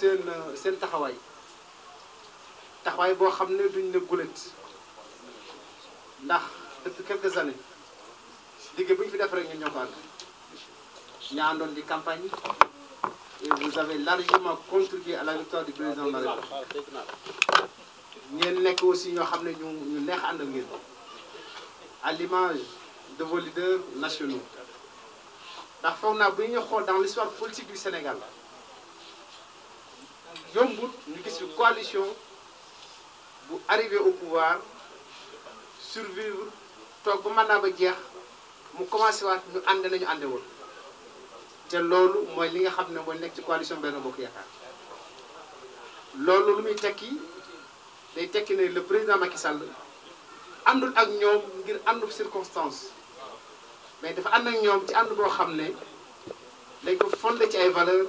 seen euh, seen taxawaay taxawaay boo xam ne duñ ne gulet ndax depuis quelques années liggéey bu ñu fi defaree ngeen ñun ñoo ko ànd ñu àndoon di campagne et vous avez largement contribué à la victoire du président de la ngeen nekk aussi ñoo xam ne ñu ñu neex àndal ngeen à l'image de vos leaders nationaux ndax foog naa bu ñu xool dans l'histoire politique du Sénégal yombut ñu gis yu coalition bu arrivé au pouvoir survivre toog ba mën naa ba jeex mu commencé waat ñu ànd nañu ànde te loolu mooy li nga xam ne mooy nekk ci coalition Benno Bokk Yaakaar loolu lu muy tekki day tekki ne le président Macky Sall àndul ak ñoom ngir àndu circonstance mais dafa ànd nañ ñoom ci ànd boo xam ne dañ ko fondé ci ay valeurs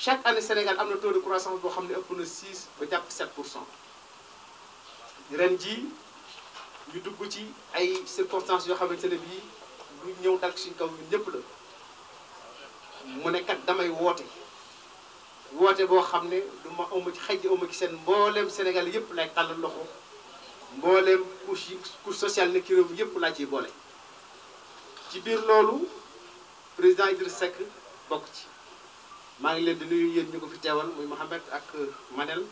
chaque année Sénégal am na taux de croissance boo xam ne ëpp na 6 ba jàpp 7 pour cent ren ji ñu dugg ci ay circonstances yoo xamante ne bii du ñëw dal suñ kaw ñun ñëpp la mu ne damay woote woote boo xam ne du ma ëmb ci xëj ëmb ci seen mbooleem Sénégal yëpp lay tàllal loxo mbooleem couche yi couche sociale nekk réew yëpp laa ciy boole ci biir loolu président Idrissa Seck bokk ci. maa ngi leen di nuyu yéen ñu ko fi teewal muy Mohamed ak Manel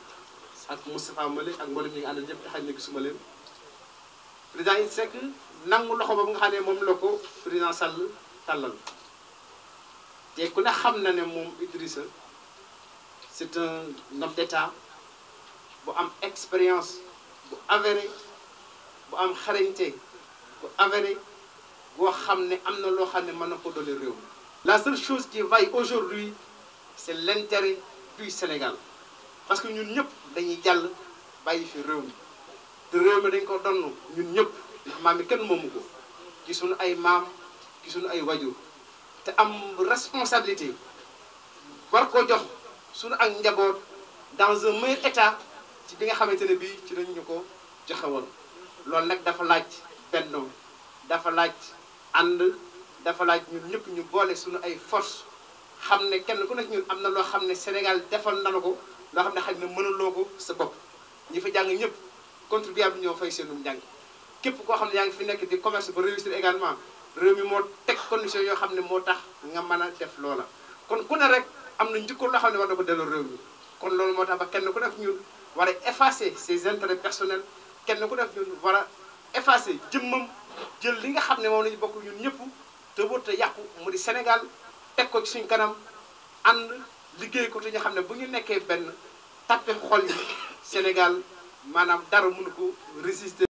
ak Moustapha Mali ak mboolem ñi nga a ñëpp te xaj na gisuma leen président it Seck nangu loxo boobu nga xam ne moom la ko président Sall tàllal te ku ne xam na ne moom Idrissa c'est un homme d'État bu am expérience bu avéré bu am xarañte bu avéré boo xam ne am na loo xam ne mën na ko dolli réew la seule qui vaille aujourd'hui c'est l'intérêt du Sénégal parce que ñun ñëpp dañuy jàll bàyyi fi réew mi te réew mi dañ ko donn ñun ñëpp ndax maam yi kenn moomu ko ci suñu ay maam ci suñu ay wajur te am responsabilité war ko jox suñu ak njaboot dans un meilleur état ci bi nga xamante ne bii ci lañ ñu ko joxe woon loolu nag dafa laaj bennoo dafa laaj ànd dafa laaj ñun ñëpp ñu boole suñu ay force xam ne kenn ku nekk ñun am na loo xam ne Sénégal defal na la ko loo ne xaj na mënuloo ko sa bopp ñi fa jàng ñëpp contribuable ñoo fay seenum njàng képp koo xam ne yaa ngi fi nekk di commerce ba réussir également réew moo teg condition yoo xam ne moo tax nga mën a def loola kon ku ne rek am na njëkkoon loo xam ne war na ko delloo réew mi kon loolu moo tax ba kenn ku nekk ñun war a effacer ses intérêts personnels kenn ku nekk ñun war a effacer jëmmam jël li nga xam ne moom la ñu bokk ñun ñëpp te wër yàqu mu di Sénégal teg ko ci suñ kanam ànd liggéey ko te ñu xam ne bu ñu nekkee benn tàppe xol yi Sénégal maanaam dara mënu ko résister.